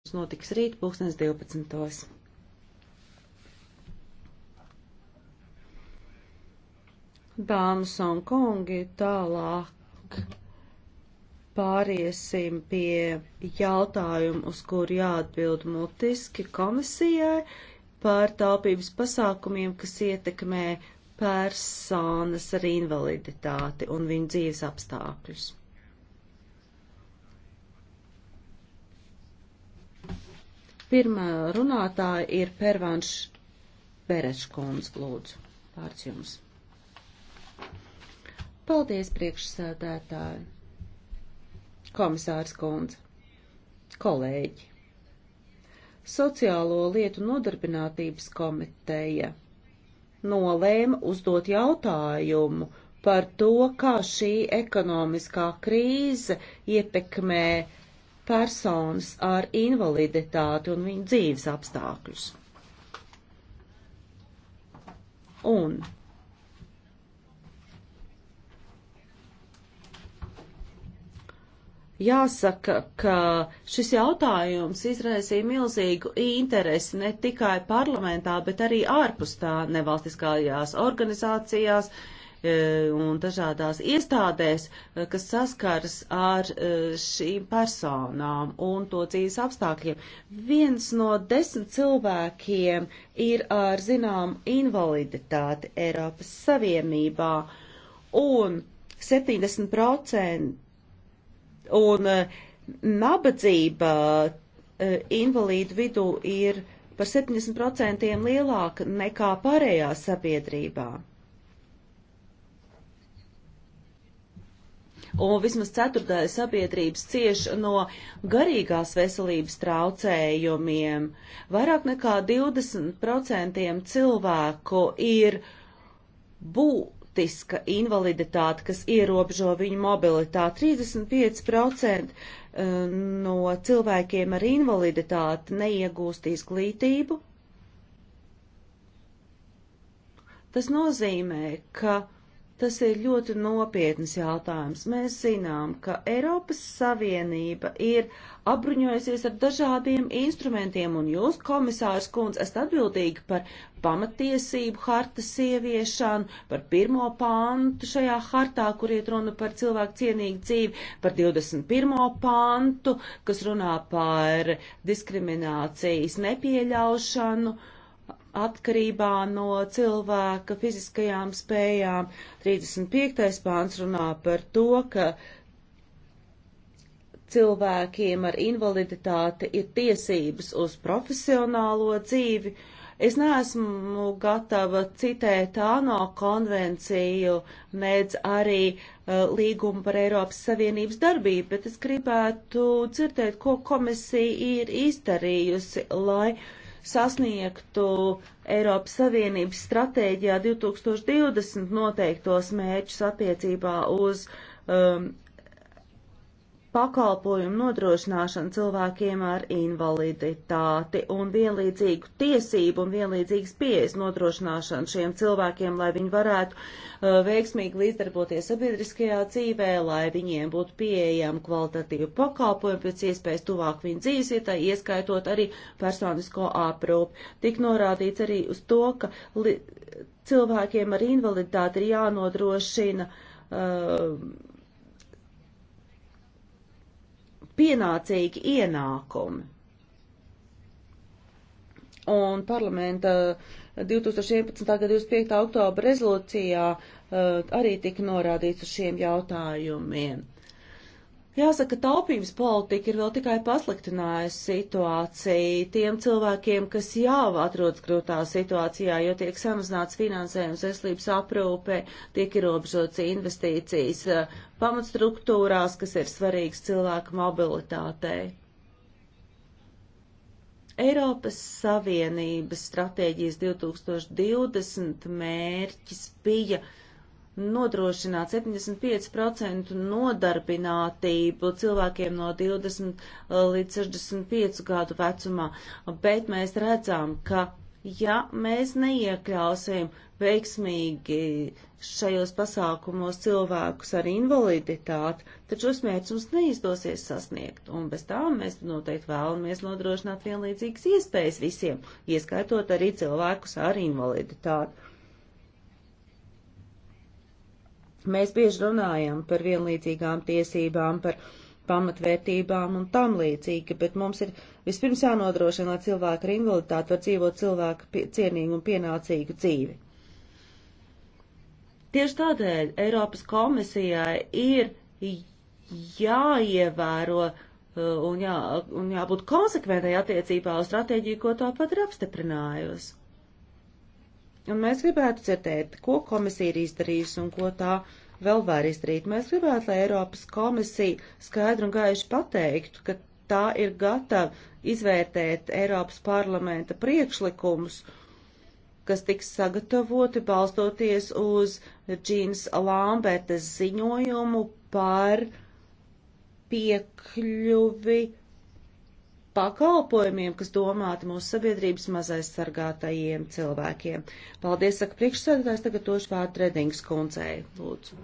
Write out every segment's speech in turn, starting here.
Tas notiks rīt, pulkstens 12. Dāmas un kungi, tālāk pāriesim pie jautājumu, uz kuru jāatbild mutiski komisijai par taupības pasākumiem, kas ietekmē personas ar invaliditāti un viņu dzīves apstākļus. Pirmā runātāja ir Pervanš Bereškons, lūdzu. Vārds jums. Paldies, priekšsēdētāji. Komisārs Kundze. Kolēģi. Sociālo lietu nodarbinātības komiteja nolēma uzdot jautājumu par to, kā šī ekonomiskā krīze ietekmē uh, personas ar invaliditāti un viņu dzīves apstākļus. Un Jāsaka, ka šis jautājums izraisīja milzīgu interesi ne tikai parlamentā, bet arī ārpus tā nevalstiskajās organizācijās, uh, E, un dažādās iestādēs, e, kas saskaras ar e, šīm personām un to dzīves apstākļiem. Viens no desmit cilvēkiem ir ar zinām invaliditāti Eiropas Savienībā un 70% un nabadzība invalīdu vidū ir par 70% lielāka nekā pārējā sabiedrībā. un vismaz ceturtdaļa sabiedrības cieš no garīgās veselības traucējumiem. Vairāk nekā 20% cilvēku ir būtiska invaliditāte, kas ierobežo viņu mobilitāti. 35% eh, no cilvēkiem ar invaliditāti neiegūst izglītību. Tas nozīmē, ka Tas ir ļoti nopietnas jautājums. Mēs zinām, ka Eiropas Savienība ir apbruņojusies ar dažādiem instrumentiem, un jūs, komisārs Kunz, esat atbildīgi par pamatiesību hartas ieviešanu, par pirmo pāntu šajā hartā, kur iet runa par cilvēku cienīgu dzīvi, par 21. pāntu, kas runā par diskriminācijas nepieļaušanu. Uh, atkarībā no cilvēka fiziskajām spējām. 35. pāns runā par to, ka cilvēkiem ar invaliditāti ir tiesības uz profesionālo dzīvi. Es neesmu gatava citēt ANO konvenciju, nedz arī uh, līgumu par Eiropas Savienības darbību, bet es gribētu dzirdēt, ko komisija ir izdarījusi, lai uh, sasniegtu Eiropas Savienības stratēģijā 2020 noteiktos mērķus attiecībā uz um, pakalpojumu nodrošināšanu cilvēkiem ar invaliditāti un vienlīdzīgu tiesību un vienlīdzīgas pieejas nodrošināšanu šiem cilvēkiem, lai viņi varētu uh, veiksmīgi līdzdarboties sabiedriskajā dzīvē, lai viņiem būtu pieejama kvalitatīva pakalpojuma pēc iespējas tuvāk viņu dzīvesvietai, ieskaitot arī personisko aprūpi. Tik norādīts arī uz to, ka cilvēkiem ar invaliditāti ir jānodrošina uh, pienācīgi ienākumi. Un parlamenta 2011. gada 25. oktobra rezolūcijā uh, arī tika norādīts uz šiem jautājumiem. Uh, Jāsaka, taupības politika ir vēl tikai pasliktinājusi situāciju tiem cilvēkiem, kas jau atrodas grūtā situācijā, jo tiek samazināts finansējums veselības aprūpē, tiek ierobežots investīcijas eh, pamatstruktūrās, kas ir svarīgs cilvēku mobilitātei. Eiropas Savienības stratēģijas 2020 mērķis bija nodrošināt 75% nodarbinātību cilvēkiem no 20 uh, līdz 65 gadu vecumā, bet mēs redzam, ka ja mēs neiekļausim veiksmīgi šajos pasākumos cilvēkus ar invaliditāti, tad šos mērķus mums neizdosies sasniegt, un bez tā mēs noteikti vēlamies nodrošināt vienlīdzīgas iespējas visiem, ieskaitot arī cilvēkus ar invaliditāti. Mēs bieži runājam par vienlīdzīgām tiesībām, par pamatvērtībām un tam līdzīgi, bet mums ir vispirms jānodrošina, lai cilvēki ar invaliditāti var dzīvot cilvēku cienīgu un pienācīgu dzīvi. Tieši tādēļ Eiropas komisijai ir jāievēro uh, un, jā, un jābūt konsekventai attiecībā uz stratēģiju, ko tāpat ir apstiprinājusi. Un mēs gribētu dzirdēt, ko komisija ir izdarījusi un ko tā vēl var izdarīt. Mēs gribētu, lai Eiropas komisija skaidri un gaiši pateiktu, ka tā ir gatava izvērtēt Eiropas parlamenta priekšlikumus, kas tiks sagatavoti balstoties uz Džīnas Lambertes ziņojumu par piekļuvi pakalpojumiem, kas domāti mūsu sabiedrības mazaizsargātajiem cilvēkiem. Paldies, saka priekšsēdētājs, tagad tošu vārdu Redings koncei, lūdzu.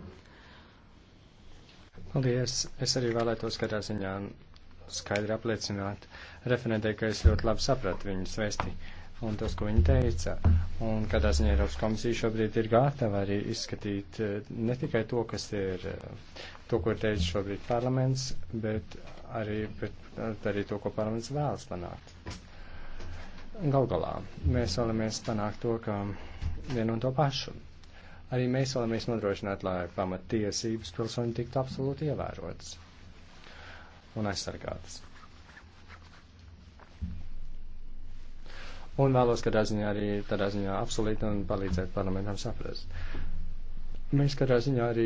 Paldies, es arī vēlētos katrā ziņā skaidri apliecināt referentē, ka es ļoti labi sapratu viņas vēsti un tas, ko viņi teica. Un kādā ziņā Eiropas komisija šobrīd ir gatava arī izskatīt eh, ne tikai to, kas ir, eh, to, ko ir teicis šobrīd parlaments, bet arī, bet eh, arī to, ko parlaments vēlas panākt. Gal galā mēs vēlamies panākt to, ka vienu un to pašu. Arī mēs vēlamies nodrošināt, lai pamatiesības pilsoņi tiktu absolūti ievērotas un aizsargātas. Un vēlos, ka ziņā arī tādā ziņā apsolīt un palīdzēt parlamentam saprast. Mēs kādā ziņā arī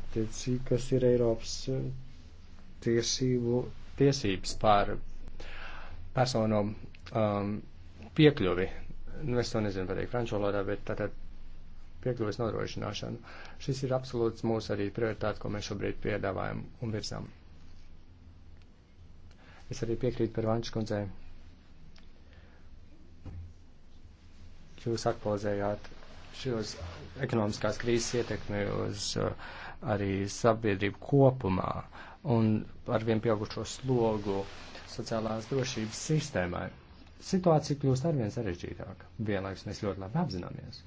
attiecīgi, kas ir Eiropas eh, tiesību tiesības par personu um, piekļuvi. Nu, es to nezinu patīk franču valodā, bet tātad piekļuvis nodrošināšanu. Šis ir absolūts mūsu arī prioritāte, ko mēs šobrīd piedāvājam un virzām. Es arī piekrītu par Vančkundzei jūs aktualizējāt šos ekonomiskās krīzes ietekmi uz uh, arī sabiedrību kopumā un ar vien pieaugušo slogu sociālās drošības sistēmai. Situācija kļūst arvien sarežģītāka. Vienlaiks mēs ļoti labi apzināmies,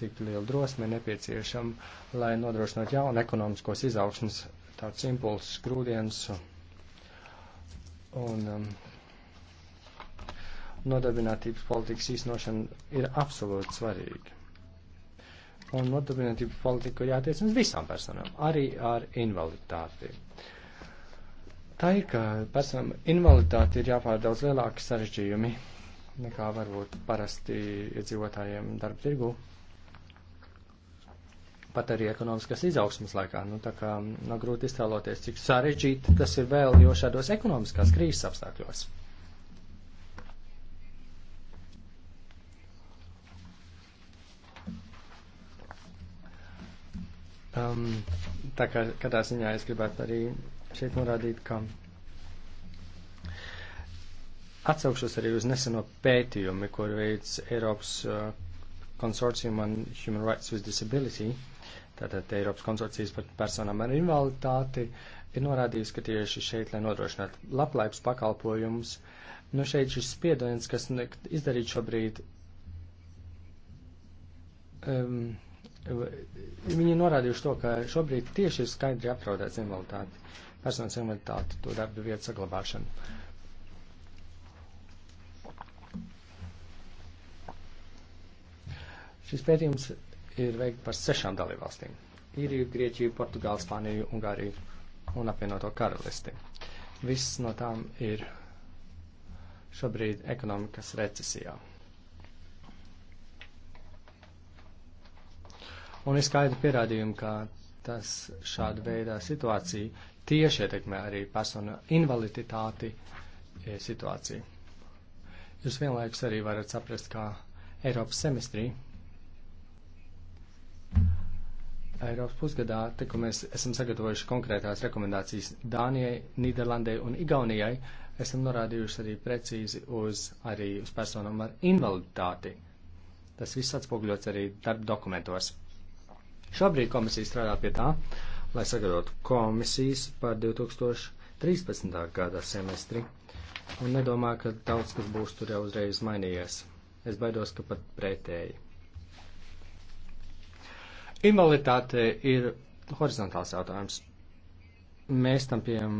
cik liela drosme nepieciešama, lai nodrošinātu jaunu ekonomiskos izaugsmas tāds impulsus, grūdienas un um, nodarbinātības politikas īstenošana ir absolūti svarīga. Un nodarbinātības politika ir jātiec uz visām personām, arī ar invaliditāti. Tā ir, ka personam invaliditāti ir jāpār daudz lielāki sarežģījumi nekā varbūt parasti iedzīvotājiem darba tirgu. Pat arī ekonomiskas izaugsmas laikā. Nu, tā kā nav nu, grūti iztēloties, cik sarežģīti tas ir vēl, jo šādos ekonomiskās krīzes apstākļos. Um, tā kā katrā ziņā es gribētu arī šeit norādīt, ka atsaukšos arī uz neseno pētījumu, kur veids Eiropas uh, konsorcijum on Human Rights with Disability, tātad Eiropas konsorcijas par personām ar invaliditāti, ir norādījis, ka tieši šeit, lai nodrošinātu labklājības pakalpojumus, nu šeit šis spiediens, kas izdarīts šobrīd, um, Viņi norādījuši to, ka šobrīd tieši ir skaidri apdraudēts invaliditāti, personas invaliditāti, to darba vietu saglabāšanu. Šis pētījums ir veikts par sešām dalībvalstīm - Īriju, Grieķiju, Portugālu, Spāniju, Ungāriju un apvienoto karalisti. Viss no tām ir šobrīd ekonomikas recesijā. Un ir skaidri pierādījumi, ka tas šāda veidā situācija tieši ietekmē arī persona invaliditāti e, situāciju. Jūs vienlaikus arī varat saprast, kā Eiropas semestrī, Eiropas pusgadā, te, ko mēs esam sagatavojuši konkrētās rekomendācijas Dānijai, Nīderlandai un Igaunijai, esam norādījuši arī precīzi uz, arī uz personām ar invaliditāti. Tas viss atspoguļots arī darba dokumentos. Šobrīd komisija strādā pie tā, lai sagatavotu komisijas par 2013. gada semestri, un nedomāju, ka daudz kas būs tur jau uzreiz mainījies. Es baidos, ka pat pretēji. Invaliditāte ir horizontāls jautājums. Mēs tam pieejam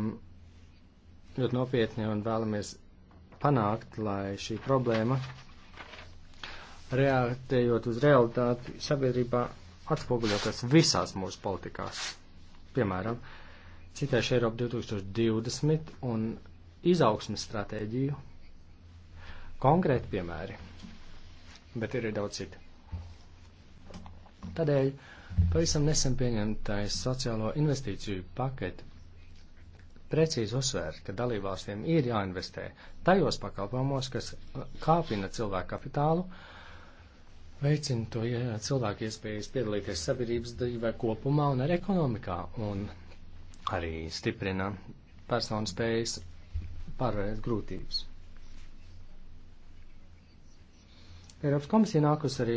ļoti nopietni un vēlamies panākt, lai šī problēma, reaktējot uz realitāti sabiedrībā, atspoguļotas visās mūsu politikās. Piemēram, citēšu Eiropu 2020 un izaugsmes stratēģiju. Konkrēti piemēri, bet ir arī daudz citu. Tādēļ pavisam nesen pieņemtais sociālo investīciju paketi precīzi uzsver, ka dalībvalstīm ir jāinvestē tajos pakalpojumos, kas kāpina cilvēku kapitālu, uh, veicina to ja, cilvēku iespējas piedalīties sabiedrības dzīvē kopumā un arī ekonomikā, un arī stiprina personu spējas pārvarēt grūtības. Eiropas komisija nākus arī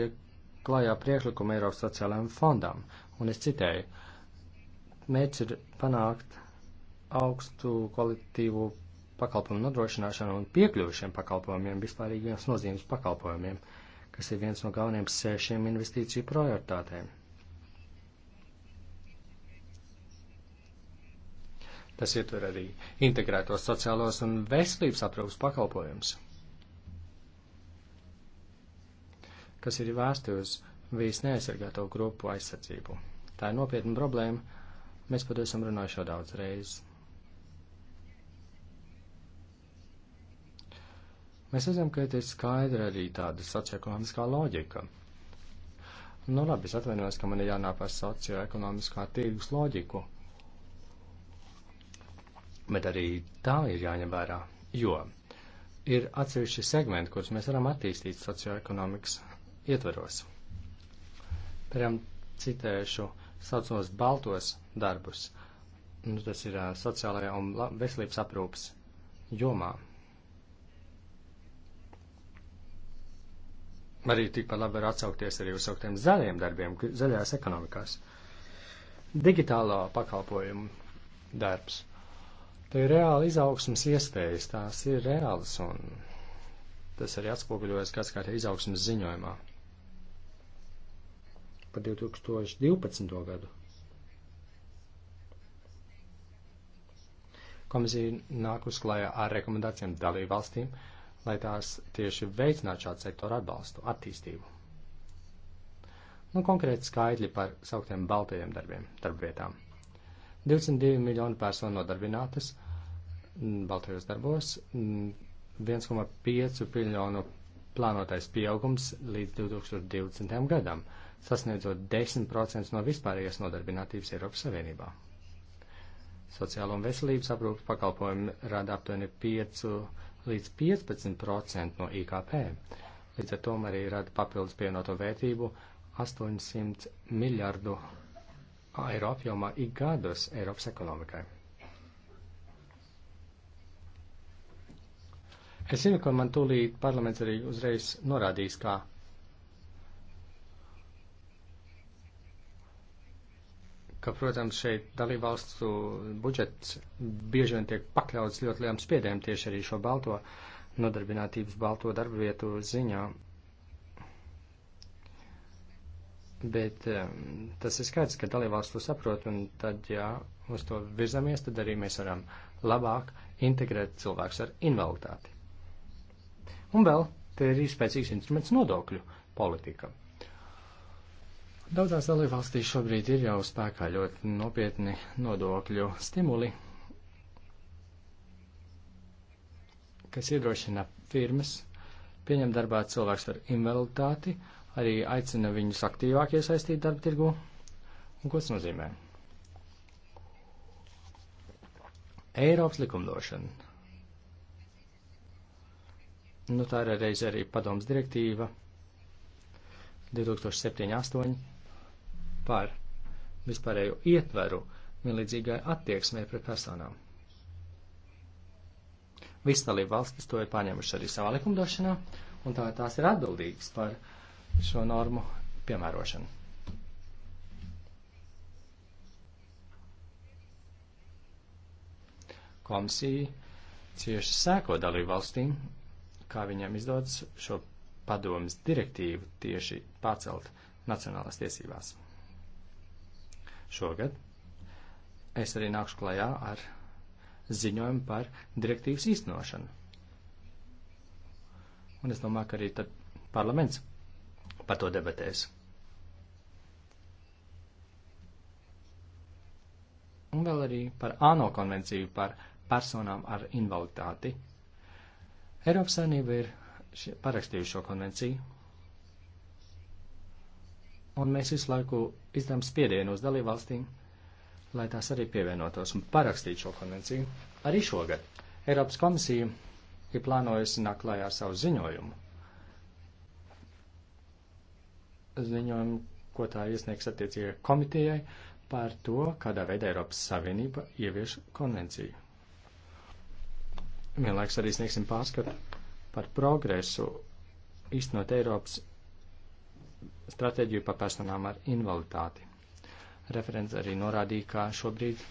klājā priekšlikumu Eiropas sociālajiem fondam, un es citēju, mērķis ir panākt augstu kvalitīvu pakalpojumu nodrošināšanu un piekļuvušiem pakalpojumiem, vispārīgiem nozīmes pakalpojumiem. Uh, kas ir viens no galvenajiem sešiem investīciju prioritātēm. Tas ietver arī integrētos sociālos un veselības aprūpas pakalpojumus, kas ir vērsti uz visneaizsargāto grupu aizsardzību. Tā ir nopietna problēma, mēs par to esam runājuši jau daudz reizes. Mēs redzam, ka ir skaidra arī tāda socioekonomiskā loģika. Nu, labi, es atvainojos, ka man ir jānāk par socioekonomiskā tirgus loģiku. Bet arī tā ir jāņem vērā, jo ir atsevišķi segmenti, kurus mēs varam attīstīt socioekonomikas ietveros. Piemēram, citēšu saucos baltos darbus. Nu, tas ir uh, sociālajā un veselības aprūpas jomā. arī tikpat labi var atsaukties arī uz sauktiem zaļiem darbiem, zaļās ekonomikās. Digitālā pakalpojuma darbs. Te ir reāli izaugsmas iespējas, tās ir reālas, un tas arī atspoguļojas kāds kā izaugsmas ziņojumā par 2012. gadu. Komisija nāk uz klājā ar rekomendācijām dalībvalstīm, valstīm lai tās tieši veicinātu šādu sektoru atbalstu, attīstību. Nu, konkrēti skaidri par sauktiem baltajiem darbiem, darbvietām. 22 miljoni personu nodarbinātas mm, baltajos darbos, 1,5 mm, miljonu plānotais pieaugums līdz 2020. gadam, sasniedzot 10% no vispārējās nodarbinātības Eiropas Savienībā. Sociālo un veselības aprūpas pakalpojumi rada aptuveni 5 līdz 15% no IKP. Līdz ar to arī rada papildus pievienoto vērtību 800 miljardu eiro apjomā ik gados Eiropas ekonomikai. Es zinu, ka man tūlīt parlaments arī uzreiz norādīs, ka ka, protams, šeit dalībvalstu budžets bieži vien tiek pakļauts ļoti lielam spiedējumam tieši arī šo balto nodarbinātības, balto darba vietu ziņā. Bet um, tas ir skaidrs, ka dalībvalstu saprot, un tad, ja uz to virzamies, tad arī mēs varam labāk integrēt cilvēkus ar invaliditāti. Un vēl, te ir spēcīgs instruments nodokļu politika. Daudzās dalībvalstīs šobrīd ir jau spēkā ļoti nopietni nodokļu stimuli, kas iedrošina firmas pieņemt darbā cilvēks ar invaliditāti, arī aicina viņus aktīvāk iesaistīt darba tirgu. Un ko tas nozīmē? Eiropas likumdošana. Nu, tā ir reiz arī padoms direktīva 2007-8 par vispārējo ietveru vienlīdzīgai attieksmē pret personām. Visas dalība valstis to ir paņēmuši arī savā likumdošanā, un tā tās ir atbildīgas par šo normu piemērošanu. Komisija cieši sēko dalību valstīm, kā viņiem izdodas šo padomas direktīvu tieši pacelt nacionālās tiesībās šogad es arī nākšu klajā ar ziņojumu par direktīvas īstenošanu. Un es domāju, ka arī tad parlaments par to debatēs. Un vēl arī par ANO konvenciju par personām ar invaliditāti. Eiropas Savienība ir parakstījuši šo konvenciju, un mēs visu laiku izdām spiedienu uz dalībvalstīm, lai tās arī pievienotos un parakstītu šo konvenciju. Arī šogad Eiropas komisija ir plānojusi nākt klājā ar savu ziņojumu. Ziņojumu, ko tā iesniegs attiecīgajai komitejai par to, kādā veidā Eiropas Savienība ievieš konvenciju. Vienlaiks arī sniegsim pārskatu par progresu īstenot Eiropas stratēģiju par personām ar invaliditāti. Referents arī norādīja, ka šobrīd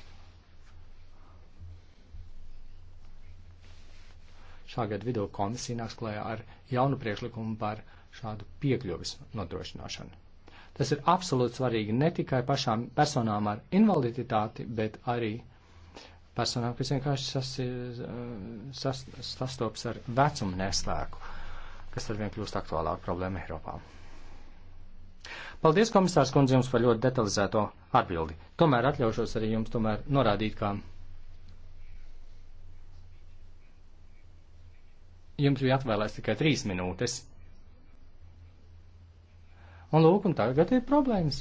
šā gada vidū komisija nāks klajā ar jaunu priekšlikumu par šādu piekļuvis nodrošināšanu. Tas ir absolūti svarīgi ne tikai pašām personām ar invaliditāti, bet arī personām, kas vienkārši sas, eh, sas, sastopas ar vecumu neslēku, kas arvien kļūst aktuālāka problēma Eiropā. Paldies, komisārs kundze, jums par ļoti detalizēto atbildi. Tomēr atļaušos arī jums tomēr norādīt, kā jums bija atvēlēts tikai trīs minūtes. Un lūk, un tagad ir problēmas.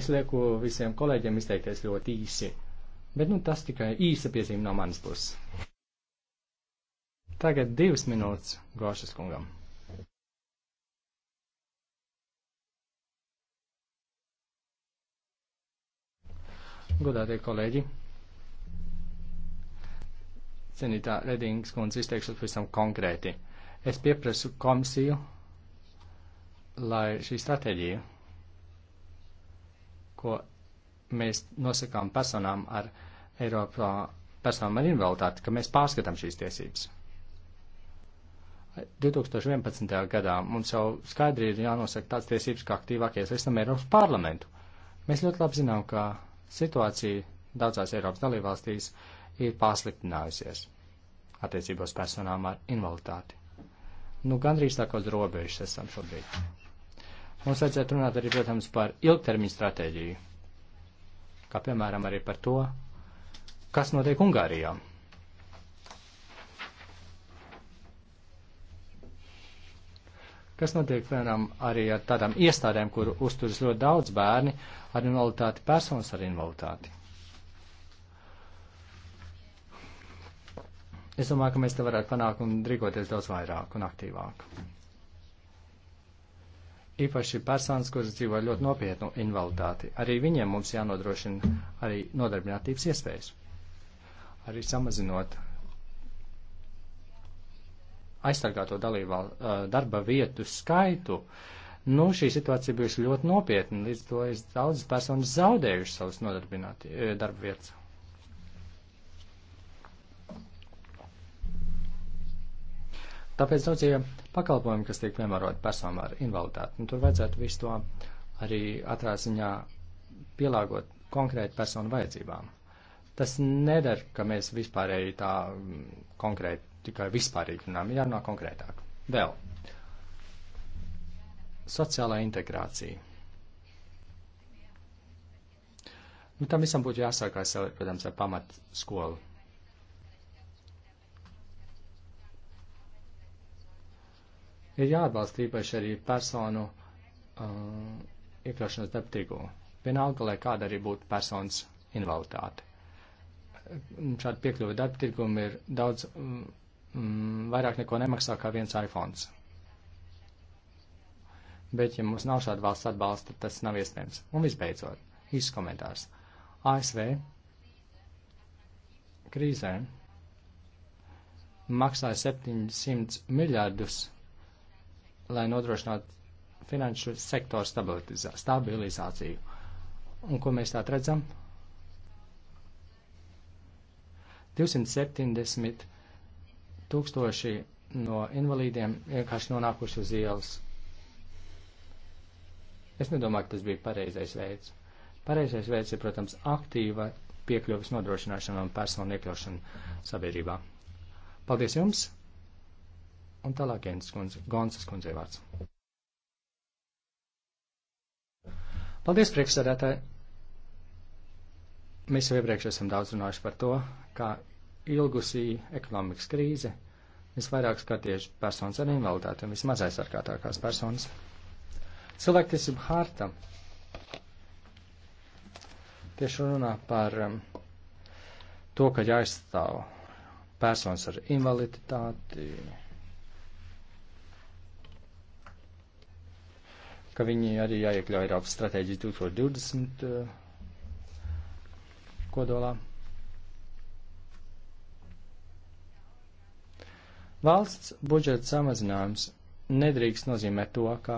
Es lieku visiem kolēģiem izteikties ļoti īsi, bet nu tas tikai īsa piezīme no manas puses. Tagad divas minūtes Gošas kungam. Godātie kolēģi, cenītā Redingas kundze izteikšos pavisam konkrēti. Es pieprasu komisiju, lai šī stratēģija, ko mēs nosakām personām ar Eiropā personām ar invaliditāti, ka mēs pārskatām šīs tiesības. 2011. gadā mums jau skaidri ir jānosaka tāds tiesības, kā aktīvāk iesaistam Eiropas parlamentu. Mēs ļoti labi zinām, ka Situācija daudzās Eiropas dalībvalstīs ir pasliktinājusies attiecībos personām ar invaliditāti. Nu, gandrīz tā kā uz robežas esam šobrīd. Mums vajadzētu runāt arī, protams, par ilgtermiņu stratēģiju, kā piemēram arī par to, kas notiek Ungārijām. Kas notiek, piemēram, arī ar tādām iestādēm, kur uzturas ļoti daudz bērni ar invaliditāti, personas ar invaliditāti? Es domāju, ka mēs te varētu panākt un rīkoties daudz vairāk un aktīvāk. Īpaši personas, kuras dzīvo ļoti nopietnu invaliditāti, arī viņiem mums jānodrošina arī nodarbinātības iespējas, arī samazinot aizsargāto dalībā darba vietu skaitu, nu, šī situācija bijusi ļoti nopietna, līdz to ir daudzas personas zaudējušas savas nodarbināti darba vietas. Tāpēc daudzie pakalpojumi, kas tiek piemēroti personām ar invaliditāti, nu, tur vajadzētu visu to arī atrā ziņā pielāgot konkrēti personu vajadzībām. Tas nedara, ka mēs vispārēji tā mm, konkrēti tikai vispārīgi runājam, ir jārunā konkrētāk. Vēl. Sociālā integrācija. Nu, tam visam būtu jāsākās, jau, protams, ar pamatskolu. Ir jāatbalsta īpaši arī personu uh, iekļaušanos darba tirgū. Vienalga, lai kāda arī būtu personas invaliditāte. Šāda piekļuva darba tirgumu ir daudz um, mm, vairāk neko nemaksā kā viens iPhones. Bet, ja mums nav šāda valsts atbalsta, tas nav iespējams. Un visbeidzot, īsts komentārs. ASV krīzē maksāja 700 miljardus, lai nodrošinātu finanšu sektoru stabilizāciju. Un ko mēs tā redzam? 270 Tūkstoši no invalīdiem vienkārši nonākuši uz ielas. Es nedomāju, ka tas bija pareizais veids. Pareizais veids ir, protams, aktīva piekļuvis nodrošināšana un personu iekļaušana sabiedrībā. Paldies jums! Un tālāk Jens kundze, Gonsas kundzei vārds. Paldies, priekšsēdētāji! Mēs jau iepriekš esam daudz runājuši par to, kā ilgusī ekonomikas krīze visvairāk skar tieši personas ar invaliditāti, vismaz aizsargātākās personas. Cilvēktiesība harta tieši runā par um, to, ka jāizstāv personas ar invaliditāti, ka viņi arī jāiekļauj Eiropas stratēģijas 2020 uh, kodolā. Valsts budžeta samazinājums nedrīkst nozīmēt to, ka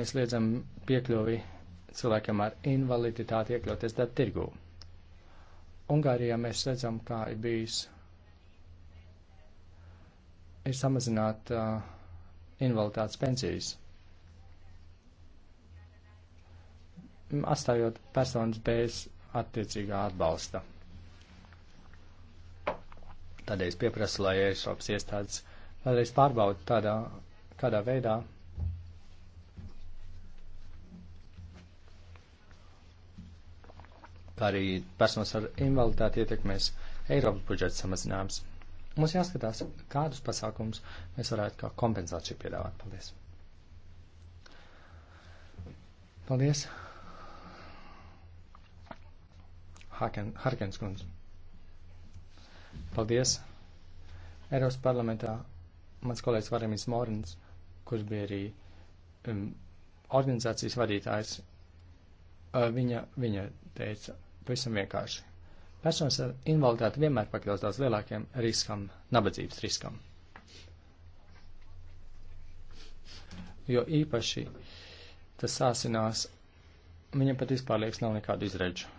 mēs liedzam piekļuvi cilvēkiem ar invaliditāti iekļauties darba tirgū. Ungārijā mēs redzam, kā ir bijis ir samazināt uh, invaliditātes pensijas, atstājot personas bez attiecīgā atbalsta. Tādēļ es pieprasu, lai Eiropas iestādes vēlreiz pārbauda tādā, kādā veidā kā arī personas ar invaliditāti ietekmēs Eiropas budžeta samazinājums. Mums jāskatās, kādus pasākumus mēs varētu kā kompensāciju piedāvāt. Paldies! Paldies! Harkens kundze. Paldies! Eiropas parlamentā mans kolēģis Varemis Morins, kurš bija arī um, organizācijas vadītājs, uh, viņa, viņa teica pavisam vienkārši. Personas ar invaliditāti vienmēr pakļaus daudz lielākiem riskam, nabadzības riskam. Jo īpaši tas sāsinās, viņam pat vispār liekas nav nekādu izredzu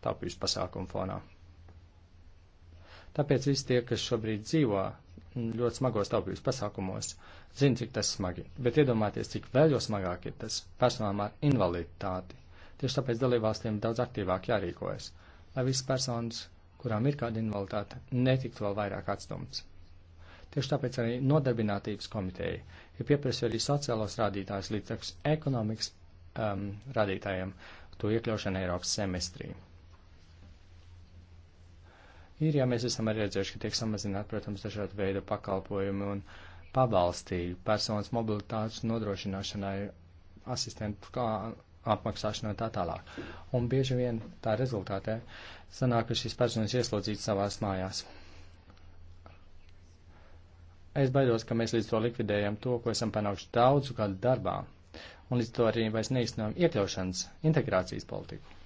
taupības pasākumu fonā. Tāpēc visi tie, kas šobrīd dzīvo ļoti smagos taupības pasākumos, zina, cik tas smagi, bet iedomājieties, cik vēl jau smagāk ir tas personām ar invaliditāti. Tieši tāpēc dalībvalstīm daudz aktīvāk jārīkojas, lai visas personas, kurām ir kāda invaliditāte, netiktu vēl vairāk atstumts. Tieši tāpēc arī nodarbinātības komiteja ir pieprasījusi arī sociālos rādītājus līdz ekonomikas um, rādītājiem, to iekļaušanu Eiropas semestrī. Ir, ja mēs esam arī redzējuši, ka tiek samazināt, protams, dažādu veidu pakalpojumi un pabalstī personas mobilitātes nodrošināšanai, asistentu kā apmaksāšanai un tā tālāk. Un bieži vien tā rezultātē sanāk, ka šīs personas ieslodzīts savās mājās. Es baidos, ka mēs līdz to likvidējam to, ko esam panākuši daudzu gadu darbā, un līdz to arī vairs neiztenojam iekļaušanas, integrācijas politiku.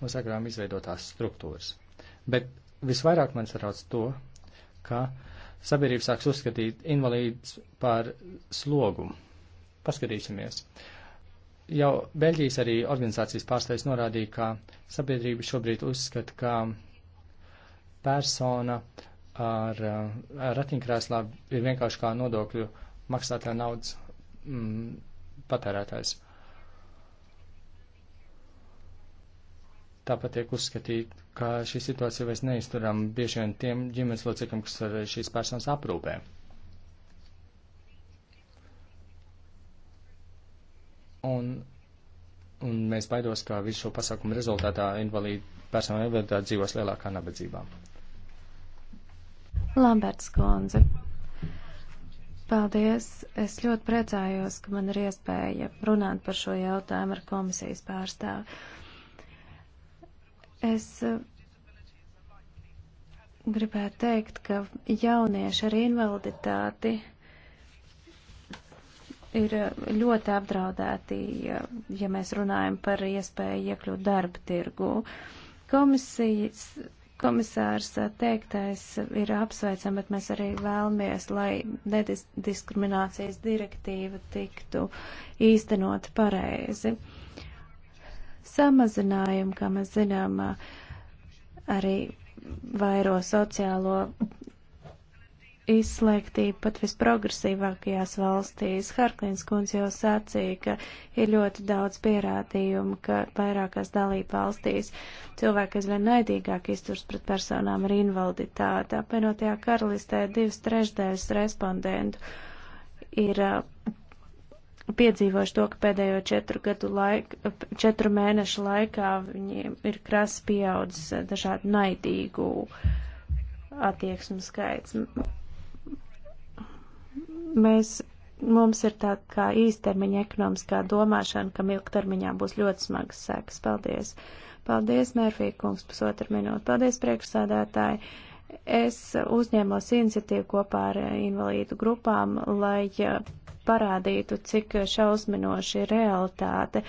Un sakrām izveidotās struktūras. Bet visvairāk man sarauc to, ka sabiedrība sāks uzskatīt invalīdus par slogu. Paskatīsimies. Jau Beļģijas arī organizācijas pārstāvis norādīja, ka sabiedrība šobrīd uzskata, ka persona ar, ar ratiņkrēslā ir vienkārši kā nodokļu maksātā naudas mm, patērētājs. Tāpat tiek uzskatīt, ka šī situācija vairs neizturama bieži vien tiem ģimenes locekļiem, kas ar šīs personas aprūpē. Un, un mēs baidos, ka visu šo pasākumu rezultātā invalīdu personu invaliditāte dzīvos lielākā nabadzībā. Lamberts Konze. Paldies! Es ļoti priecājos, ka man ir iespēja runāt par šo jautājumu ar komisijas pārstāvi. Es eh, gribētu teikt, ka jaunieši ar invaliditāti ir eh, ļoti apdraudēti, ja, ja mēs runājam par iespēju iekļūt darba tirgu. Komisijas, komisārs eh, teiktais ir apsveicam, bet mēs arī vēlamies, lai nediskriminācijas direktīva tiktu īstenot pareizi. Uh, samazinājumu, kā mēs zinām, arī vairo sociālo izslēgtība pat visprogresīvākajās valstīs. Harklins kundze jau sacīja, ka ir ļoti daudz pierādījumu, ka vairākās dalība valstīs cilvēki aizvien naidīgāk izturs pret personām ar invaliditāti. Apvienotajā karalistē divas trešdaļas respondentu ir uh, piedzīvojuši to, ka pēdējo četru, gadu laika, četru mēnešu laikā viņiem ir krasi pieaudzis eh, dažādu naidīgu attieksmu skaits. Mēs, mums ir tā kā īstermiņa ekonomiskā domāšana, kam ilgtermiņā būs ļoti smagas sekas. Paldies! Paldies, Mērfī kungs, pusotru minūtu. Paldies, priekšsādātāji! Es uzņēmos iniciatīvu kopā ar invalīdu grupām, lai parādītu, cik šausminoši ir realitāte,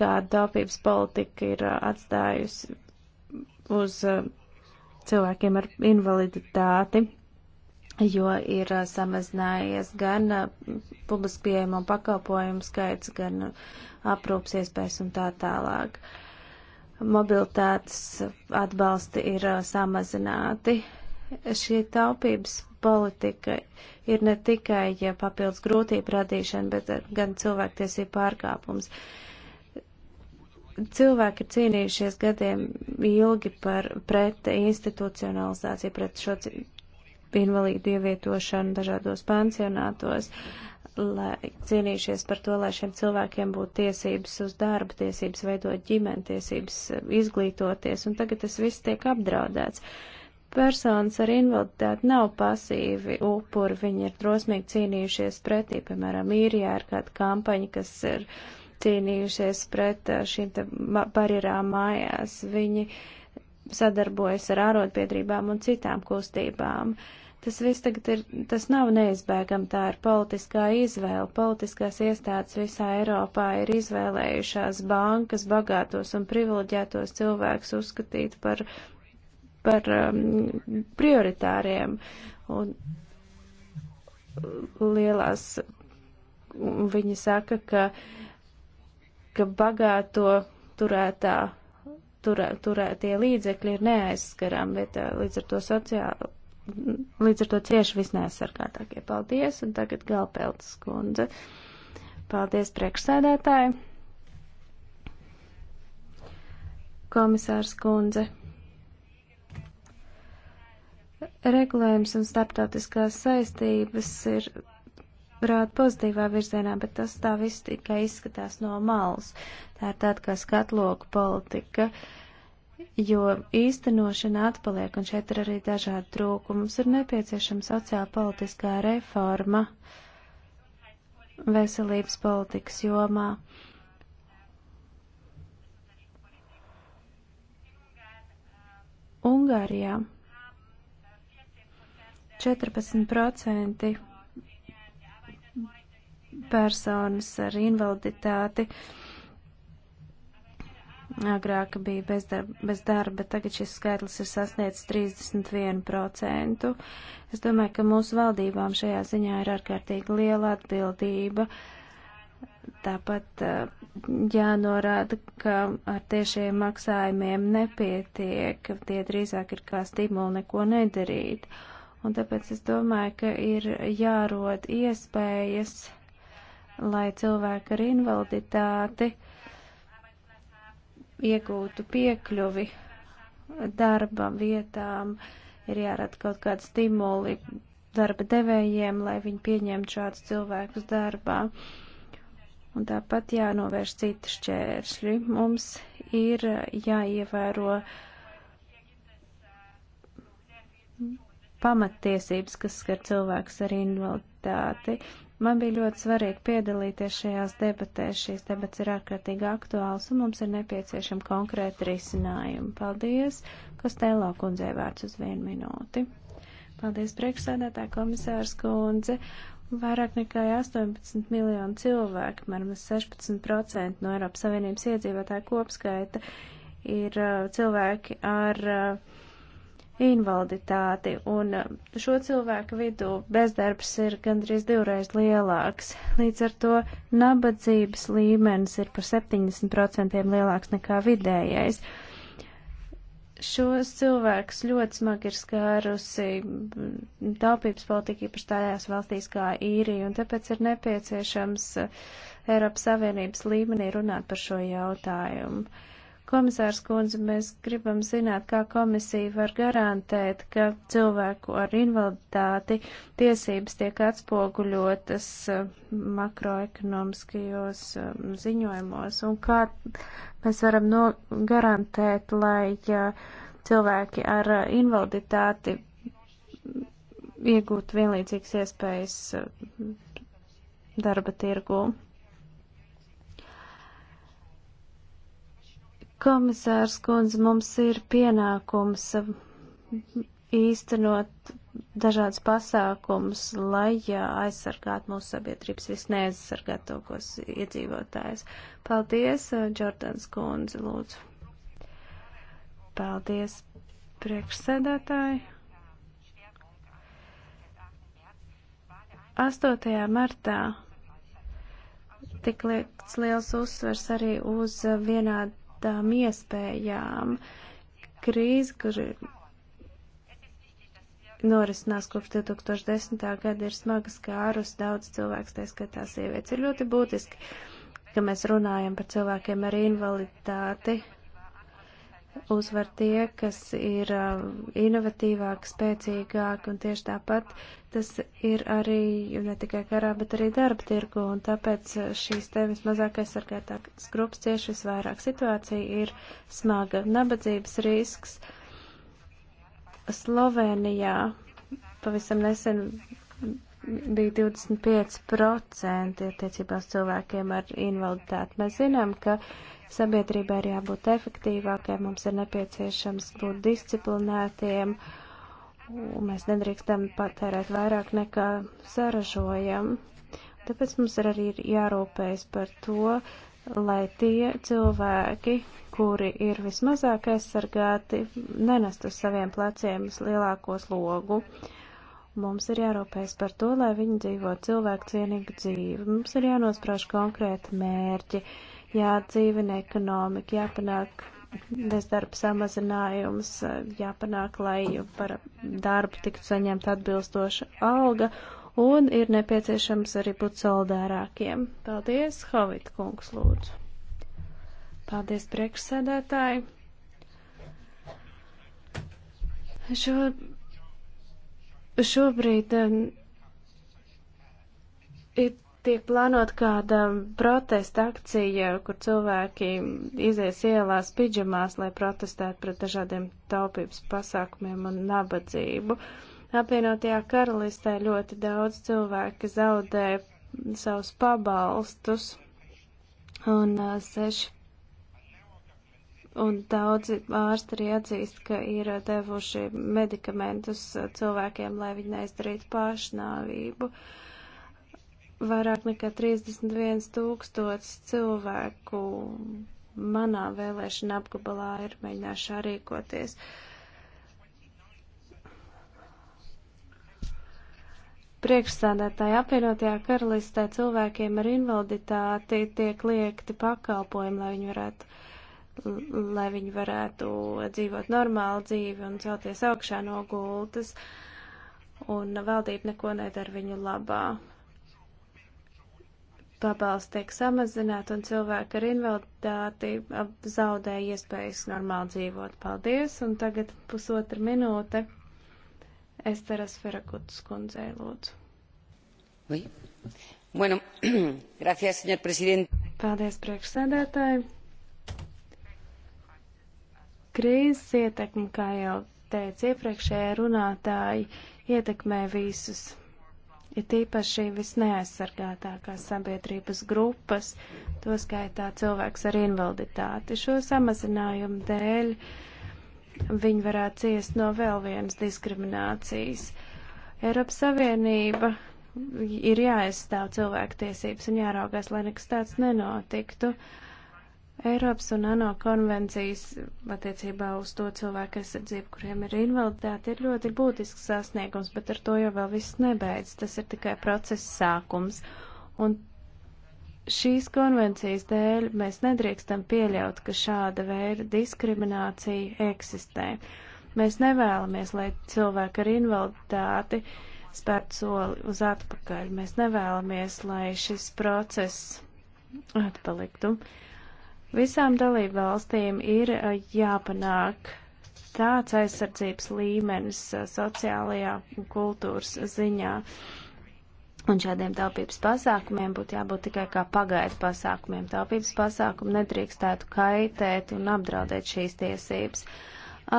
kāda taupības politika ir atstājusi uz uh, cilvēkiem ar invaliditāti, jo ir uh, samazinājies gan uh, publiski pieejamo pakalpojumu skaits, gan aprūpsiespējas un tā tālāk. Uh, mobilitātes atbalsti ir samazināti. Šī taupības politika ir ne tikai ja papildus grūtību radīšana, bet gan cilvēktiesību pārkāpums. Cilvēki ir cīnījušies gadiem ilgi par pret institucionalizāciju, pret šo invalīdu ievietošanu dažādos pansionātos. Uh, lai cīnījušies par to, lai šiem cilvēkiem būtu tiesības uz darba, tiesības veidot ģimeni, tiesības izglītoties, un tagad tas viss tiek apdraudēts. Personas ar invaliditāti nav pasīvi upuri, viņi ir drosmīgi cīnījušies pretī, piemēram, īrijā ir kāda kampaņa, kas ir cīnījušies pret uh, šīm barjerām mājās, viņi sadarbojas ar ārotbiedrībām un citām kustībām. Uh, Tas viss tagad ir, tas nav neizbēgam, tā ir politiskā izvēle. Politiskās iestādes visā Eiropā ir izvēlējušās bankas bagātos un privileģētos cilvēkus uzskatīt par, par um, prioritāriem. Un lielās, viņi saka, ka, ka bagāto turētā, turē, turētie līdzekļi ir neaizskarami, bet uh, līdz ar to sociāli līdz ar to cieši visneaizsargātākie. Paldies, un tagad Galpeltas kundze. Paldies priekšsēdētāji. Komisārs kundze. Regulējums un starptautiskās saistības ir rāda pozitīvā virzienā, bet tas tā viss tikai izskatās no malas. Tā ir tāda kā skatloku politika. Uh, jo īstenošana atpaliek, un šeit ir arī dažādi trūkumi. Mums ir nepieciešama sociāla politiskā reforma veselības politikas jomā. Ungārijā 14% personas ar invaliditāti uh, agrāk bija bezdarba, bez darba, tagad šis skaitlis ir sasniedzis 31%. Es domāju, ka mūsu valdībām šajā ziņā ir ārkārtīgi liela atbildība. Tāpat eh, jānorāda, ka ar tiešiem maksājumiem nepietiek, tie drīzāk ir kā stimuli neko nedarīt. Un tāpēc es domāju, ka ir jārod iespējas, lai cilvēki ar invaliditāti uh, iegūtu piekļuvi darba vietām, ir jārada kaut kādi stimuli darba devējiem, lai viņi pieņemtu šādus cilvēkus darbā. Un tāpat jānovērš citi šķēršļi. Mums ir jāievēro pamattiesības, kas skar cilvēkus ar invaliditāti. Man bija ļoti svarīgi piedalīties šajās debatēs. Šīs debats ir ārkārtīgi aktuāls un mums ir nepieciešama konkrēta risinājuma. Paldies, Kostēlā kundzē vārds uz vienu minūti. Paldies, priekšsādātā komisārs kundze. Vairāk nekā 18 miljonu cilvēku, mēram 16% no Eiropas Savienības iedzīvotāju kopskaita, ir uh, cilvēki ar uh, invaliditāti, un šo cilvēku vidū bezdarbs ir gandrīz divreiz lielāks. Līdz ar to nabadzības līmenis ir par 70% lielāks nekā vidējais. Šos cilvēkus ļoti smagi ir skārusi taupības politika īpaši tādās valstīs kā īrija, un tāpēc ir nepieciešams Eiropas Savienības līmenī runāt par šo jautājumu. Uh, Komisārs kundze, mēs gribam zināt, kā komisija var garantēt, ka cilvēku ar invaliditāti tiesības tiek atspoguļotas eh, makroekonomiskajos eh, ziņojumos un kā mēs varam no garantēt, lai eh, cilvēki ar invaliditāti iegūtu vienlīdzīgas iespējas darba tirgū. Komisārs kundze, mums ir pienākums īstenot dažādas pasākums, lai aizsargātu mūsu sabiedrības visneaizsargātākos iedzīvotājus. Paldies, Džordans uh, kundze, lūdzu. Paldies, priekšsēdētāji. 8. martā tik liekts liels uzsvers arī uz vienādu tām iespējām krīze, kur norisinās kopš 2010. gada, ir smaga skārus daudz cilvēks, tā skatā sievietes. Ir ļoti būtiski, ka mēs runājam par cilvēkiem ar invaliditāti, uzvar tie, kas ir uh, inovatīvāki, spēcīgāki, un tieši tāpat tas ir arī ne tikai karā, bet arī darba tirgu, un tāpēc uh, šīs tevis mazāk aizsargātākas grupas cieši visvairāk. Situācija ir smaga. Nabadzības risks Slovenijā pavisam nesen bija 25% attiecībā uz cilvēkiem ar invaliditāti. Mēs zinām, ka Sabiedrībai ir jābūt efektīvākai, mums ir nepieciešams būt disciplinētiem, un mēs nedrīkstam patērēt vairāk nekā saražojam. Tāpēc mums ir arī jārūpējas par to, lai tie cilvēki, kuri ir vismazāk aizsargāti, nenest uz saviem pleciem vislielāko slogu. Mums ir jārūpējas par to, lai viņi dzīvo cilvēku cienīgu dzīvi. Mums ir jānosprauž konkrēti mērķi. Uh, jāatdzīvina ekonomika, jāpanāk bezdarba samazinājums, jāpanāk, lai par darbu tiktu saņemta atbilstoša alga, un ir nepieciešams arī būt soldārākiem. Paldies, Hovit kungs, lūdzu. Paldies, priekšsēdētāji. Šo, šobrīd um, ir tiek plānot kāda protesta akcija, kur cilvēki izies ielās piģamās, lai protestētu pret dažādiem taupības pasākumiem un nabadzību. Apvienotajā karalistē ļoti daudz cilvēki zaudē savus pabalstus un uh, seši. Un daudzi ārsti arī atzīst, ka ir devuši medikamentus cilvēkiem, lai viņi neizdarītu pašnāvību. Uh, vairāk nekā 31 tūkstots cilvēku manā vēlēšana apgabalā ir mēģinājuši rīkoties. Priekšsādātāji apvienotajā karalistē cilvēkiem ar invaliditāti tiek liekti pakalpojumi, lai viņi varētu, lai viņi varētu dzīvot normālu dzīvi un celties augšā no gultas, un valdība neko nedara viņu labā pabalsti tiek samazināti un cilvēki ar invaliditāti zaudē iespējas normāli dzīvot. Paldies, un tagad pusotra minūte Esteras Ferakutas kundzei lūdzu. Oui. Bueno, gracias, señor presidente. Paldies, priekšsēdētāji. Krīzes ietekme, kā jau teica iepriekšējā runātāji, ietekmē visus ir tīpaši visneaizsargātākās sabiedrības grupas, to skaitā cilvēks ar invaliditāti. Šo samazinājumu dēļ viņi varētu ciest no vēl vienas diskriminācijas. Eiropas Savienība ir jāaizstāv cilvēku tiesības un jāraugās, lai nekas tāds nenotiktu. Uh, Eiropas un ANO konvencijas attiecībā uz to cilvēku aizsardzību, kuriem ir invaliditāte, ir ļoti būtisks sasniegums, bet ar to jau vēl viss nebeidz. Tas ir tikai procesa sākums. Un šīs konvencijas dēļ mēs nedrīkstam pieļaut, ka šāda veida diskriminācija eksistē. Mēs nevēlamies, lai cilvēki ar invaliditāti spērt soli uz atpakaļ. Mēs nevēlamies, lai šis process atpaliktu. Uh, Visām dalību valstīm ir jāpanāk tāds aizsardzības līmenis sociālajā un kultūras ziņā. Un šādiem taupības pasākumiem būtu jābūt tikai kā pagaidu pasākumiem. Taupības pasākumi nedrīkstētu kaitēt un apdraudēt šīs tiesības.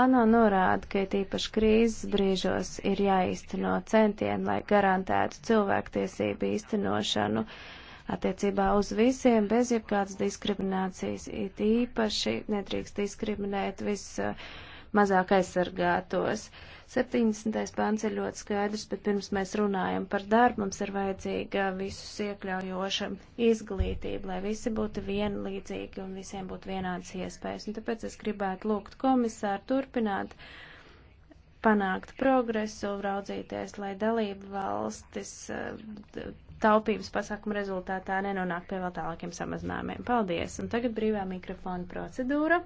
ANO norāda, ka tīpaši krīzes brīžos ir jāīsteno centieni, lai garantētu cilvēktiesību īstenošanu. Uh, attiecībā uz visiem bez jebkādas diskriminācijas. It īpaši nedrīkst diskriminēt vismazāk aizsargātos. 70. pāns ir ļoti skaidrs, bet pirms mēs runājam par darbu, mums ir vajadzīga visus iekļaujoša izglītība, lai visi būtu vienlīdzīgi un visiem būtu vienādas iespējas. Un tāpēc es gribētu lūgt komisāru turpināt panākt progresu, raudzīties, lai dalību valstis taupības pasākuma rezultātā nenonāk pie vēl tālākiem samazinājumiem. Paldies! Un tagad brīvā mikrofona procedūra.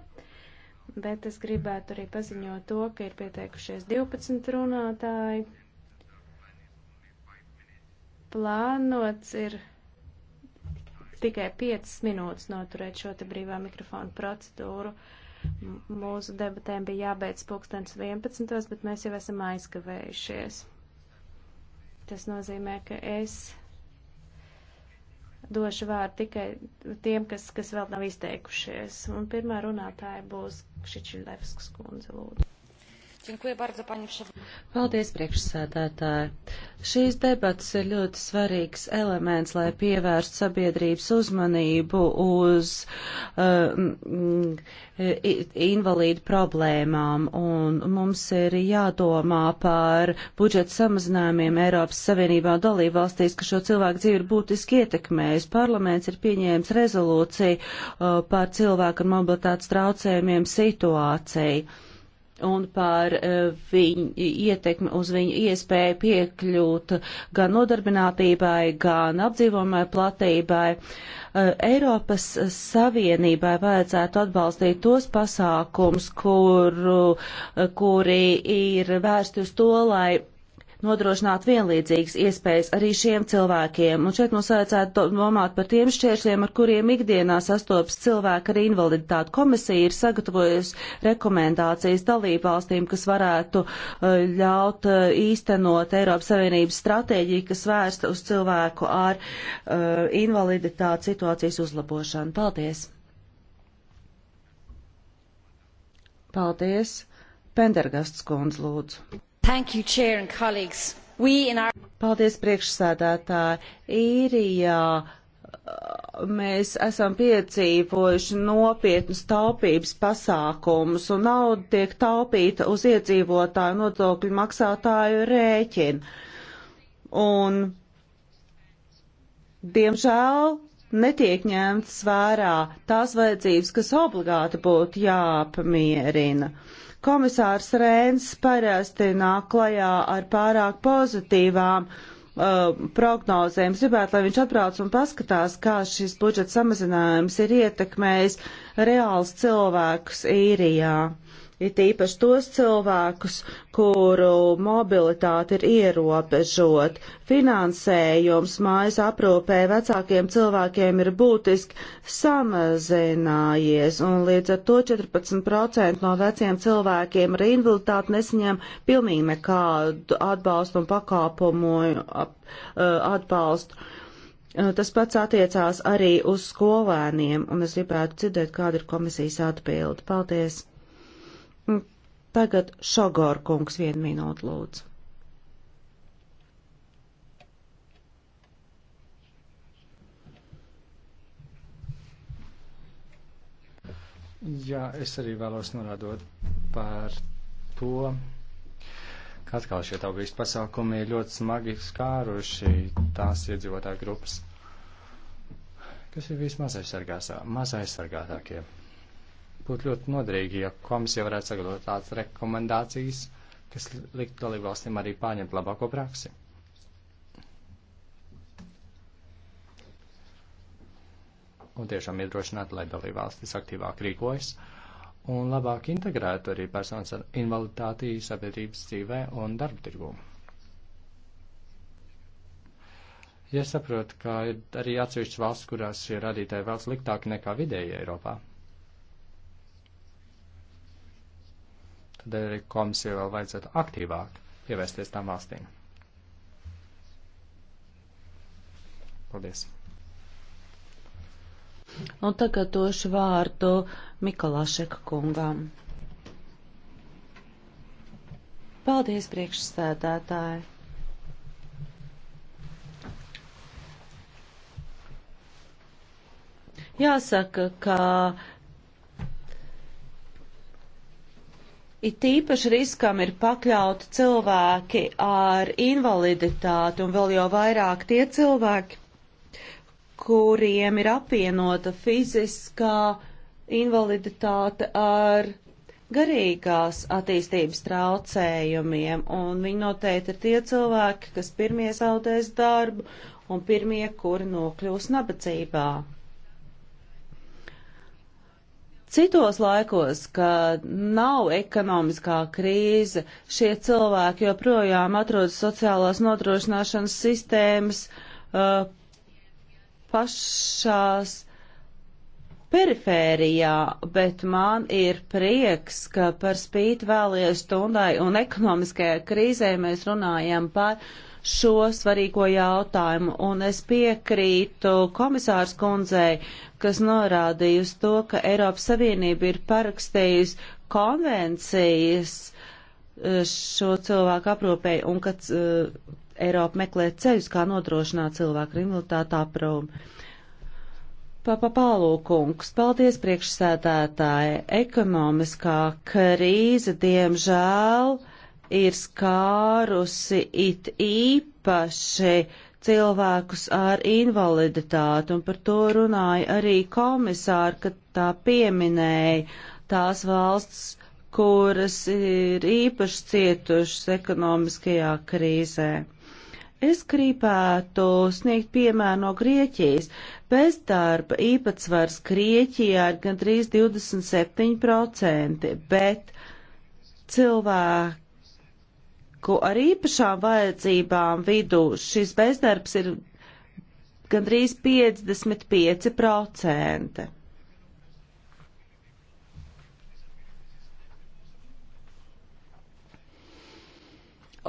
Bet es gribētu arī paziņot to, ka ir pieteikušies 12 runātāji. Plānots ir tikai 5 minūtes noturēt šo te brīvā mikrofona procedūru. Mūsu debatēm bija jābeidz pulkstens 11, bet mēs jau esam aizkavējušies. Tas nozīmē, ka es došu vārdu tikai tiem, kas, kas vēl nav izteikušies. Un pirmā runātāja būs Šičilevskas kundze, lūdzu. Paldies, priekšsēdētāji. Šīs debatas ir ļoti svarīgs elements, lai pievērstu sabiedrības uzmanību uz uh, mm, invalīdu problēmām. Un mums ir jādomā par budžeta samazinājumiem Eiropas Savienībā un dalību valstīs, ka šo cilvēku dzīvi ir būtiski ietekmējis. Parlaments ir pieņēmis rezolūciju uh, par cilvēku ar mobilitātes traucējumiem situāciju un par eh, viņu ietekmi uz viņu iespēju piekļūt gan nodarbinātībai, gan apdzīvomai platībai. Eh, Eiropas Savienībai vajadzētu atbalstīt tos pasākums, kur, eh, kuri ir vērsti uz to, lai nodrošināt vienlīdzīgas iespējas arī šiem cilvēkiem. Un šeit mums vajadzētu domāt par tiem šķēršļiem, ar kuriem ikdienā sastopas cilvēki ar invaliditāti. Komisija ir sagatavojusi rekomendācijas dalībvalstīm, kas varētu uh, ļaut uh, īstenot Eiropas Savienības stratēģiju, kas vērsta uz cilvēku ar uh, invaliditāti situācijas uzlabošanu. Paldies! Paldies! Pendergasts kundz lūdzu. You, Chair, our... Paldies, priekšsēdētāji. Īrijā uh, mēs esam piedzīvojuši nopietnus taupības pasākumus, un nauda tiek taupīta uz iedzīvotāju nodokļu maksātāju rēķinu. Un, diemžēl, netiek ņemts vērā tās vajadzības, kas obligāti būtu jāpamierina. Uh, Komisārs Rēns parasti nāk klajā ar pārāk pozitīvām uh, prognozēm. Es gribētu, lai viņš atbrauc un paskatās, kā šis budžeta samazinājums ir ietekmējis reāls cilvēkus īrijā. It īpaši tos cilvēkus, kuru mobilitāte ir ierobežot. Finansējums mājas aprūpē vecākiem cilvēkiem ir būtiski samazinājies, un līdz ar to 14% no veciem cilvēkiem ar invaliditāti nesaņem pilnīgi nekādu atbalstu un pakāpumu eh, atbalstu. Eh, tas pats attiecās arī uz skolēniem, un es gribētu dzirdēt, kāda ir komisijas atbilde. Paldies! Tagad Šogor kungs vienu minūtu lūdzu. Jā, es arī vēlos norādot par to, ka atkal šie taupības pasākumi ir ļoti smagi skāruši tās iedzīvotāju grupas, kas ir vismaz aizsargātākie. Būtu ļoti noderīgi, ja komisija varētu sagatavot tādas rekomendācijas, kas liktu dalībvalstīm arī pārņemt labāko praksi. Un tiešām iedrošināt, lai dalībvalstis aktīvāk rīkojas un labāk integrētu arī personas ar invaliditāti sabiedrības dzīvē un darba tirgū. Ja saprotu, ka ir arī atsevišķas valsts, kurās šie radītāji vēl sliktāki nekā vidēji Eiropā. tādēļ arī komisija vēl vajadzētu aktīvāk pievērsties tām valstīm. Paldies. Un nu, tagad došu vārdu Mikolāšeka kungām. Paldies, priekšsēdētāji! Jāsaka, ka It īpaši riskam ir pakļauti cilvēki ar invaliditāti un vēl jau vairāk tie cilvēki, kuriem ir apvienota fiziskā invaliditāte ar garīgās attīstības traucējumiem, un viņi noteikti ir tie cilvēki, kas pirmie zaudēs darbu un pirmie, kuri nokļūs nabadzībā. Citos laikos, kad nav ekonomiskā krīze, šie cilvēki joprojām atrodas sociālās nodrošināšanas sistēmas uh, pašās perifērijā, bet man ir prieks, ka par spīti vēlies stundai un ekonomiskajai krīzē mēs runājam par šo svarīgo jautājumu, un es piekrītu komisārs kundzei, uh, kas norādīja uz to, ka Eiropas Savienība ir parakstījusi konvencijas e, šo cilvēku aprūpēji un ka uh, Eiropa meklē ceļus, kā nodrošināt cilvēku invaliditātu aprūpi. Papapālūkungs, paldies priekšsētētāji. Ekonomiskā krīze, diemžēl, ir skārusi it īpaši cilvēkus ar invaliditāti, un par to runāja arī komisāri, kad tā pieminēja tās valsts, kuras ir īpaši cietušas ekonomiskajā krīzē. Es gribētu sniegt piemēru no Grieķijas. Bezdarba īpatsvars Grieķijā ir gandrīz 27%, bet cilvēki cilvēku ar īpašām vajadzībām vidū šis bezdarbs ir gandrīz 55%.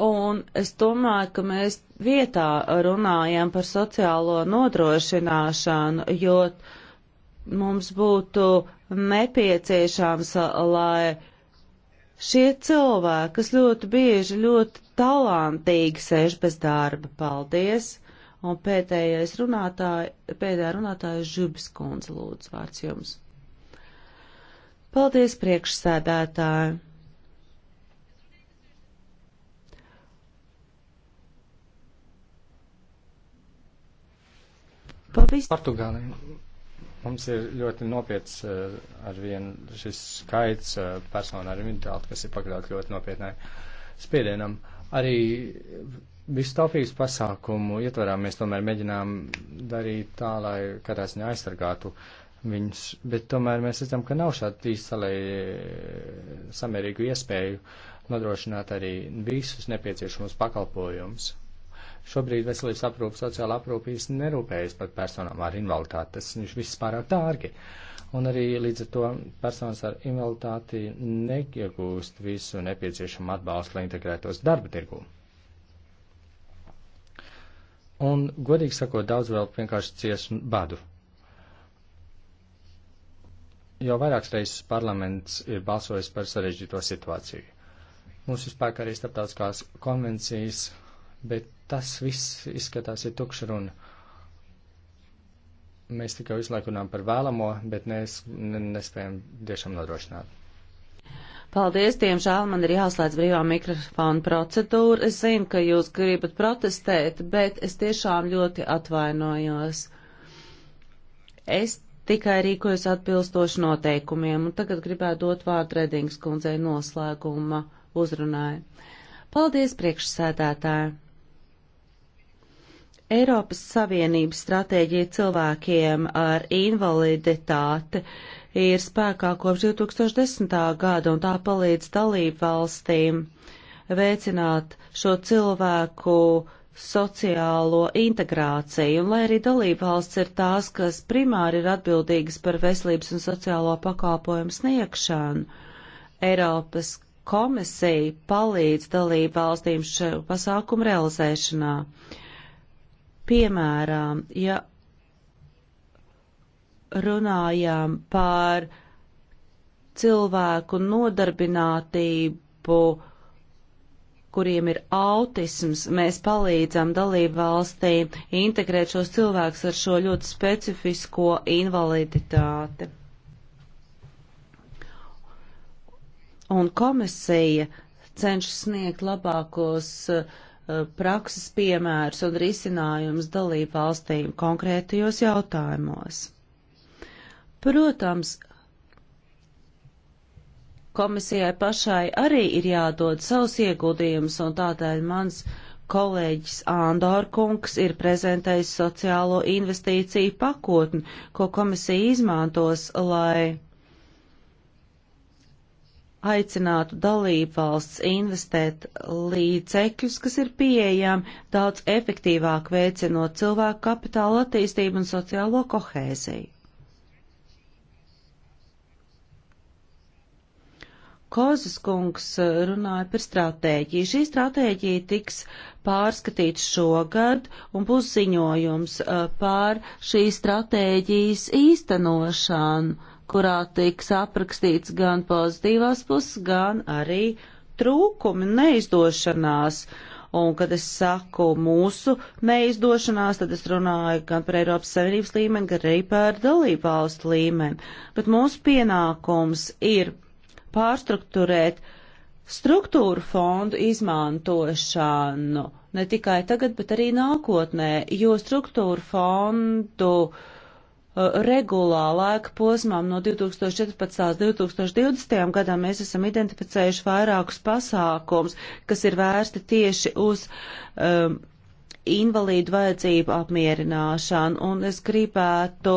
Un es domāju, ka mēs vietā runājam par sociālo nodrošināšanu, jo mums būtu nepieciešams, lai Šie cilvēki, kas ļoti bieži ļoti talantīgi sēž bez darba, paldies! Un pēdējais runātāja, pēdējā runātāja Žubis kundze lūdzu vārds jums. Paldies priekšsēdētāji! Pavis... Portugālē Mums ir ļoti nopietns eh, ar vienu šis skaits eh, personu ar invaliditāti, kas ir pakļaut ļoti nopietnai spiedienam. Arī visu taupības pasākumu ietvarā mēs tomēr mēģinām darīt tā, lai kādā ziņā aizsargātu viņus, bet tomēr mēs redzam, ka nav šādi īstalēji eh, samērīgu iespēju nodrošināt arī visus nepieciešamos pakalpojumus. Šobrīd veselības aprūpe, sociāla aprūpe īsti nerūpējas par personām ar invaliditāti. Tas viņš viss pārāk dārgi. Un arī līdz ar to personas ar invaliditāti neiegūst visu nepieciešamu atbalstu, lai integrētos darba tirgū. Un, godīgi sakot, daudz vēl vienkārši cies badu. Jau vairākas reizes parlaments ir balsojis par sarežģīto situāciju. Mums ir spēkā arī starptautiskās konvencijas bet tas viss izskatās ir tukša runa. Mēs tikai visu laiku runājam par vēlamo, bet nes, nespējam tiešām nodrošināt. Paldies, diemžēl man ir jāslēdz brīvā mikrofona procedūra. Es zinu, ka jūs gribat protestēt, bet es tiešām ļoti atvainojos. Es tikai rīkojos atbilstoši noteikumiem, un tagad gribētu dot vārdu Redings kundzei noslēguma uzrunai. Paldies, priekšsēdētāji! Eiropas Savienības stratēģija cilvēkiem ar invaliditāti ir spēkā kopš 2010. gada un tā palīdz dalību valstīm veicināt šo cilvēku sociālo integrāciju, un lai arī dalība valsts ir tās, kas primāri ir atbildīgas par veselības un sociālo pakalpojumu sniegšanu, Eiropas komisija palīdz dalību valstīm šo pasākumu realizēšanā. Uh, Piemēram, ja runājām par cilvēku nodarbinātību, kuriem ir autisms, mēs palīdzam dalību valstī integrēt šos cilvēkus ar šo ļoti specifisko invaliditāti. Un komisija cenšas sniegt labākos uh, Eh, prakses piemērus un risinājumus dalību valstīm konkrētajos jautājumos. Protams, komisijai pašai arī ir jādod savus ieguldījumus, un tādēļ mans kolēģis Āndorkungs ir prezentējis sociālo investīciju pakotni, ko komisija izmantos, lai aicinātu dalību valsts investēt līdzekļus, kas ir pieejami daudz efektīvāk veicinot cilvēku kapitāla attīstību un sociālo kohēziju. Kozes kungs uh, runāja par stratēģiju. Šī stratēģija tiks pārskatīta šogad un būs ziņojums uh, par šīs stratēģijas īstenošanu kurā tiks aprakstīts gan pozitīvās puses, gan arī trūkumi, neizdošanās. Un, kad es saku mūsu neizdošanās, tad es runāju gan par Eiropas Savienības līmeni, gan arī par dalību valstu līmeni. Bet mūsu pienākums ir pārstruktūrēt struktūru fondu izmantošanu ne tikai tagad, bet arī nākotnē, jo struktūru fondu uh, Uh, regulā laika posmām no 2014. līdz 2020. gadam mēs esam identificējuši vairākus pasākums, kas ir vērsti tieši uz um, invalīdu vajadzību apmierināšanu, un es gribētu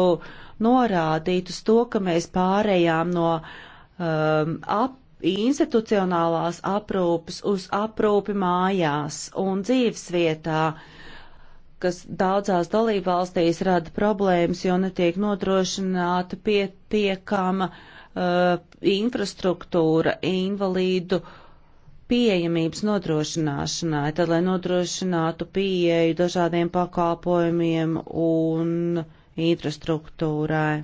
norādīt uz to, ka mēs pārējām no um, ap institucionālās aprūpes uz aprūpi mājās un dzīvesvietā. vietā kas daudzās dalībvalstīs rada problēmas, jo netiek nodrošināta pietiekama uh, infrastruktūra invalīdu pieejamības nodrošināšanai, tad, lai nodrošinātu pieeju dažādiem pakāpojumiem un infrastruktūrai.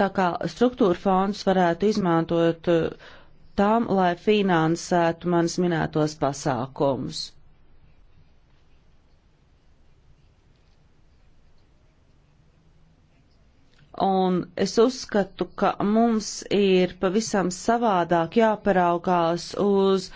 Tā kā struktūra fonds varētu izmantot uh, tam, lai finansētu manis minētos pasākumus. Un es uzskatu, ka mums ir pavisam savādāk jāparaugās uz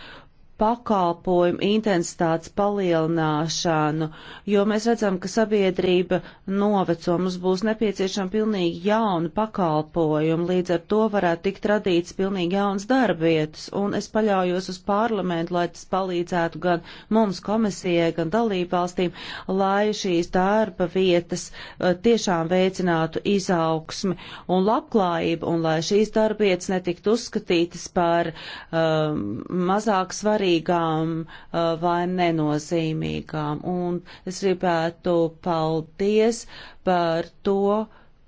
pakalpojumu intensitātes palielināšanu, jo mēs redzam, ka sabiedrība noveco, mums būs nepieciešama pilnīgi jauna pakalpojuma, līdz ar to varētu tikt radīts pilnīgi jauns darbvietas, un es paļaujos uz parlamentu, lai tas palīdzētu gan mums komisijai, gan dalībvalstīm, lai šīs darba vietas eh, tiešām veicinātu izaugsmi un labklājību, un lai šīs darbvietas netiktu uzskatītas par um, mazāk svarīgas svarīgām uh, vai nenozīmīgām. Un es gribētu paldies par to,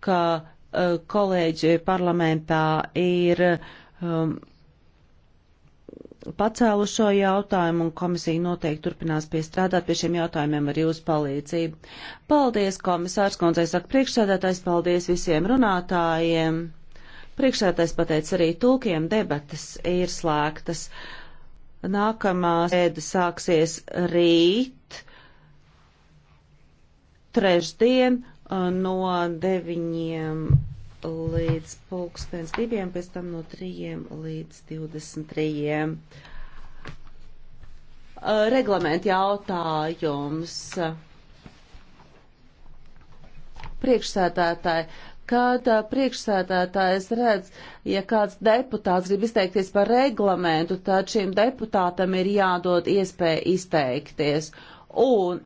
ka uh, kolēģi parlamentā ir um, pacēlu šo jautājumu, un komisija noteikti turpinās piestrādāt pie šiem jautājumiem ar jūsu palīdzību. Paldies, komisārs Konzai, saka priekšsēdētājs, paldies visiem runātājiem. Priekšsēdētājs pateica arī tulkiem, debatas ir slēgtas. Nākamā sēde sāksies rīt, trešdien, no 9 līdz pulkstens 2, pēc tam no 3 līdz 23. Reglamenta jautājums. Priekšsēdētāji, kad priekšsēdētājs redz, ja kāds deputāts grib izteikties par reglamentu, tad šim deputātam ir jādod iespēja izteikties. Un